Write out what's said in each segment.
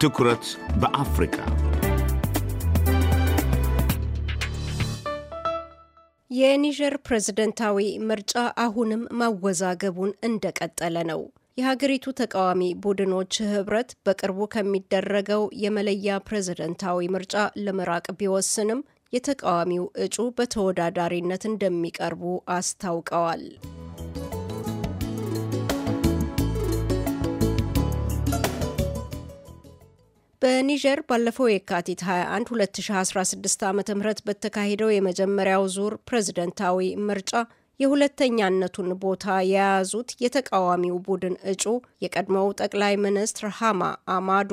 ትኩረት በአፍሪካ የኒጀር ፕሬዝደንታዊ ምርጫ አሁንም ማወዛገቡን እንደቀጠለ ነው። የሀገሪቱ ተቃዋሚ ቡድኖች ህብረት በቅርቡ ከሚደረገው የመለያ ፕሬዝደንታዊ ምርጫ ለመራቅ ቢወስንም የተቃዋሚው እጩ በተወዳዳሪነት እንደሚቀርቡ አስታውቀዋል። በኒጀር ባለፈው የካቲት 21 2016 ዓ ም በተካሄደው የመጀመሪያው ዙር ፕሬዝደንታዊ ምርጫ የሁለተኛነቱን ቦታ የያዙት የተቃዋሚው ቡድን እጩ የቀድሞው ጠቅላይ ሚኒስትር ሃማ አማዱ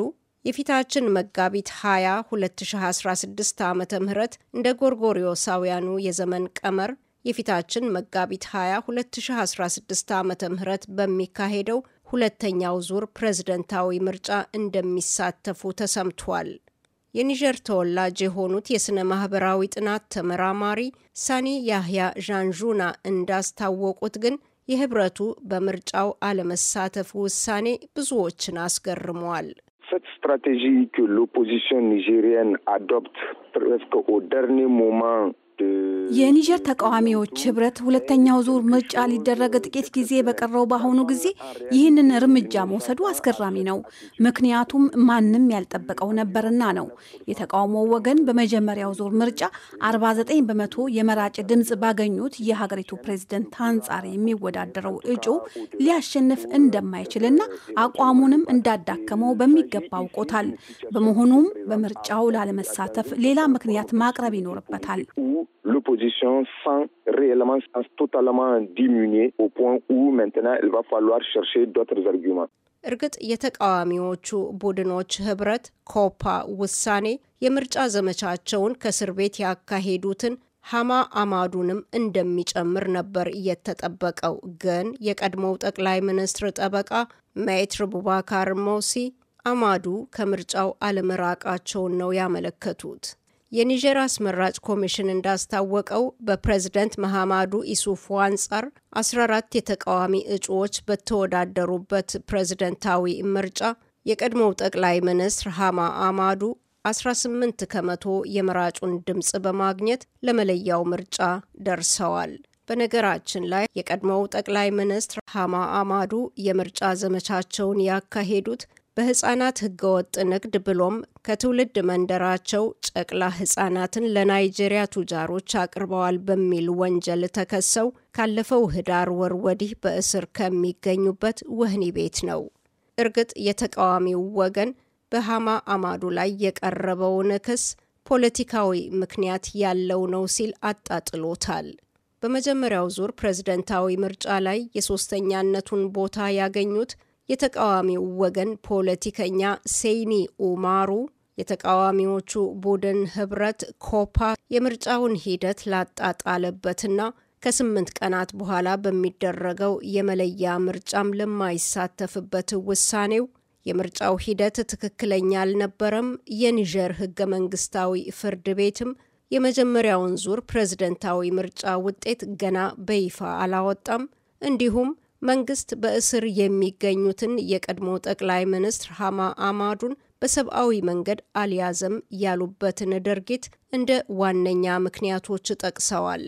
የፊታችን መጋቢት 20 2016 ዓ ም እንደ ጎርጎሪዮሳውያኑ የዘመን ቀመር የፊታችን መጋቢት 20 2016 ዓ ም በሚካሄደው ሁለተኛው ዙር ፕሬዝደንታዊ ምርጫ እንደሚሳተፉ ተሰምቷል። የኒጀር ተወላጅ የሆኑት የሥነ ማኅበራዊ ጥናት ተመራማሪ ሳኒ ያህያ ዣንዡና እንዳስታወቁት ግን የህብረቱ በምርጫው አለመሳተፍ ውሳኔ ብዙዎችን አስገርሟል። የኒጀር ተቃዋሚዎች ህብረት ሁለተኛው ዙር ምርጫ ሊደረግ ጥቂት ጊዜ በቀረው በአሁኑ ጊዜ ይህንን እርምጃ መውሰዱ አስገራሚ ነው። ምክንያቱም ማንም ያልጠበቀው ነበርና ነው። የተቃውሞ ወገን በመጀመሪያው ዙር ምርጫ 49 በመቶ የመራጭ ድምፅ ባገኙት የሀገሪቱ ፕሬዝደንት አንጻር የሚወዳደረው እጩ ሊያሸንፍ እንደማይችልና አቋሙንም እንዳዳከመው በሚገባ አውቆታል። በመሆኑም በምርጫው ላለመሳተፍ ሌላ ምክንያት ማቅረብ ይኖርበታል። position sans réellement, sans totalement diminuer au point où maintenant il va falloir chercher d'autres arguments. እርግጥ የተቃዋሚዎቹ ቡድኖች ህብረት ኮፓ ውሳኔ የምርጫ ዘመቻቸውን ከእስር ቤት ያካሄዱትን ሀማ አማዱንም እንደሚጨምር ነበር እየተጠበቀው። ግን የቀድሞው ጠቅላይ ሚኒስትር ጠበቃ ሜትር ቡባካር ሞሲ አማዱ ከምርጫው አለመራቃቸውን ነው ያመለከቱት። የኒጀር አስመራጭ ኮሚሽን እንዳስታወቀው በፕሬዝደንት መሐማዱ ኢሱፉ አንጻር 14 የተቃዋሚ እጩዎች በተወዳደሩበት ፕሬዝደንታዊ ምርጫ የቀድሞው ጠቅላይ ሚኒስትር ሃማ አማዱ 18 ከመቶ የመራጩን ድምፅ በማግኘት ለመለያው ምርጫ ደርሰዋል። በነገራችን ላይ የቀድሞው ጠቅላይ ሚኒስትር ሃማ አማዱ የምርጫ ዘመቻቸውን ያካሄዱት በህፃናት ህገወጥ ንግድ ብሎም ከትውልድ መንደራቸው ጨቅላ ህጻናትን ለናይጄሪያ ቱጃሮች አቅርበዋል በሚል ወንጀል ተከሰው ካለፈው ህዳር ወር ወዲህ በእስር ከሚገኙበት ወህኒ ቤት ነው። እርግጥ የተቃዋሚው ወገን በሃማ አማዱ ላይ የቀረበውን ክስ ፖለቲካዊ ምክንያት ያለው ነው ሲል አጣጥሎታል። በመጀመሪያው ዙር ፕሬዝደንታዊ ምርጫ ላይ የሶስተኛነቱን ቦታ ያገኙት የተቃዋሚው ወገን ፖለቲከኛ ሴይኒ ኡማሩ የተቃዋሚዎቹ ቡድን ህብረት ኮፓ የምርጫውን ሂደት ላጣጣለበትና ከስምንት ቀናት በኋላ በሚደረገው የመለያ ምርጫም ለማይሳተፍበት ውሳኔው የምርጫው ሂደት ትክክለኛ አልነበረም፣ የኒጀር ህገ መንግስታዊ ፍርድ ቤትም የመጀመሪያውን ዙር ፕሬዝደንታዊ ምርጫ ውጤት ገና በይፋ አላወጣም፣ እንዲሁም መንግስት በእስር የሚገኙትን የቀድሞ ጠቅላይ ሚኒስትር ሃማ አማዱን በሰብአዊ መንገድ አልያዘም ያሉበትን ድርጊት እንደ ዋነኛ ምክንያቶች ጠቅሰዋል።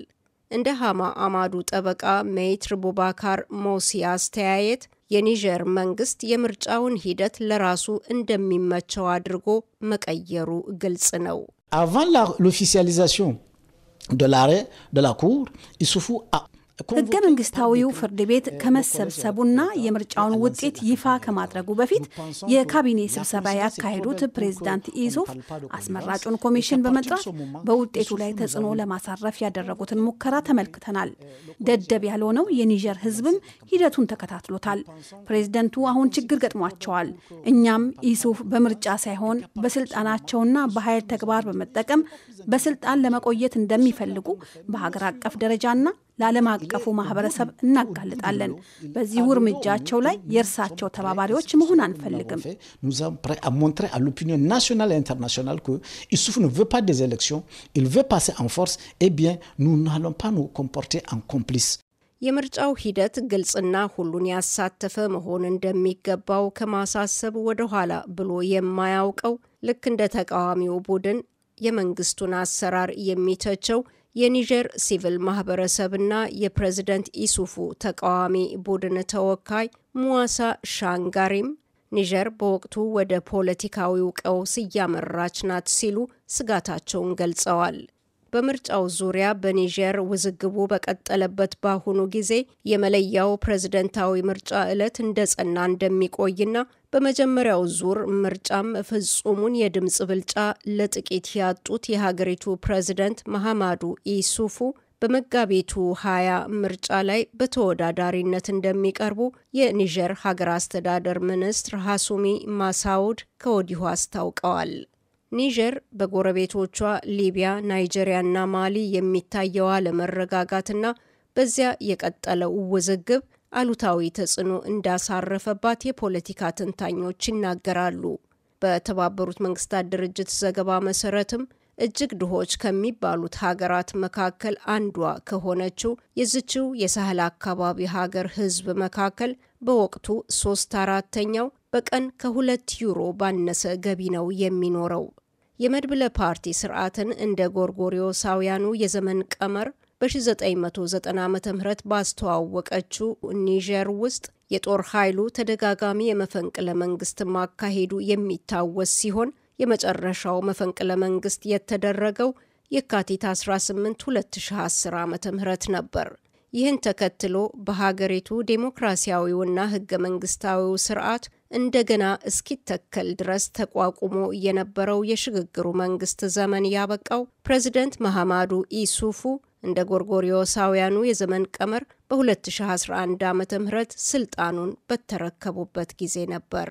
እንደ ሃማ አማዱ ጠበቃ ሜይትር ቡባካር ሞሲ አስተያየት የኒጀር መንግስት የምርጫውን ሂደት ለራሱ እንደሚመቸው አድርጎ መቀየሩ ግልጽ ነው። አቫን ሎፊሲያሊዛሲዮን ዶላሬ ደላኩር ኩር ይሱፉ ህገ መንግስታዊው ፍርድ ቤት ከመሰብሰቡና የምርጫውን ውጤት ይፋ ከማድረጉ በፊት የካቢኔ ስብሰባ ያካሄዱት ፕሬዚዳንት ኢሶፍ አስመራጩን ኮሚሽን በመጥራት በውጤቱ ላይ ተጽዕኖ ለማሳረፍ ያደረጉትን ሙከራ ተመልክተናል። ደደብ ያልሆነው የኒጀር ህዝብም ሂደቱን ተከታትሎታል። ፕሬዚደንቱ አሁን ችግር ገጥሟቸዋል። እኛም ኢሱፍ በምርጫ ሳይሆን በስልጣናቸውና በኃይል ተግባር በመጠቀም በስልጣን ለመቆየት እንደሚፈልጉ በሀገር አቀፍ ደረጃና ለዓለም አቀፉ ማህበረሰብ እናጋልጣለን። በዚሁ እርምጃቸው ላይ የእርሳቸው ተባባሪዎች መሆን አንፈልግም። eh የምርጫው ሂደት ግልጽና ሁሉን ያሳተፈ መሆን እንደሚገባው ከማሳሰብ ወደ ኋላ ብሎ የማያውቀው ልክ እንደ ተቃዋሚው ቡድን የመንግስቱን አሰራር የሚተቸው የኒጀር ሲቪል ማህበረሰብና የፕሬዝደንት ኢሱፉ ተቃዋሚ ቡድን ተወካይ ሙዋሳ ሻንጋሪም ኒጀር በወቅቱ ወደ ፖለቲካዊው ቀውስ እያመራች ናት ሲሉ ስጋታቸውን ገልጸዋል። በምርጫው ዙሪያ በኒጀር ውዝግቡ በቀጠለበት በአሁኑ ጊዜ የመለያው ፕሬዝደንታዊ ምርጫ ዕለት እንደ ጸና እንደሚቆይና በመጀመሪያው ዙር ምርጫም ፍጹሙን የድምፅ ብልጫ ለጥቂት ያጡት የሀገሪቱ ፕሬዝደንት መሐማዱ ኢሱፉ በመጋቢቱ ሀያ ምርጫ ላይ በተወዳዳሪነት እንደሚቀርቡ የኒጀር ሀገር አስተዳደር ሚኒስትር ሀሱሚ ማሳውድ ከወዲሁ አስታውቀዋል። ኒጀር በጎረቤቶቿ ሊቢያ፣ ናይጄሪያና ማሊ የሚታየው አለመረጋጋትና በዚያ የቀጠለው ውዝግብ አሉታዊ ተጽዕኖ እንዳሳረፈባት የፖለቲካ ተንታኞች ይናገራሉ። በተባበሩት መንግስታት ድርጅት ዘገባ መሰረትም እጅግ ድሆች ከሚባሉት ሀገራት መካከል አንዷ ከሆነችው የዝችው የሳህል አካባቢ ሀገር ህዝብ መካከል በወቅቱ ሶስት አራተኛው በቀን ከሁለት ዩሮ ባነሰ ገቢ ነው የሚኖረው። የመድብለ ፓርቲ ስርዓትን እንደ ጎርጎሪዮሳውያኑ የዘመን ቀመር በ1990 ዓ ም ባስተዋወቀችው ኒጀር ውስጥ የጦር ኃይሉ ተደጋጋሚ የመፈንቅለ መንግስት ማካሄዱ የሚታወስ ሲሆን የመጨረሻው መፈንቅለ መንግስት የተደረገው የካቲት 18 2010 ዓ ም ነበር። ይህን ተከትሎ በሀገሪቱ ዴሞክራሲያዊውና ህገ መንግስታዊው ስርዓት እንደገና እስኪተከል ድረስ ተቋቁሞ የነበረው የሽግግሩ መንግስት ዘመን ያበቃው ፕሬዚደንት መሐማዱ ኢሱፉ እንደ ጎርጎሪዮሳውያኑ የዘመን ቀመር በ2011 ዓ ም ስልጣኑን በተረከቡበት ጊዜ ነበር።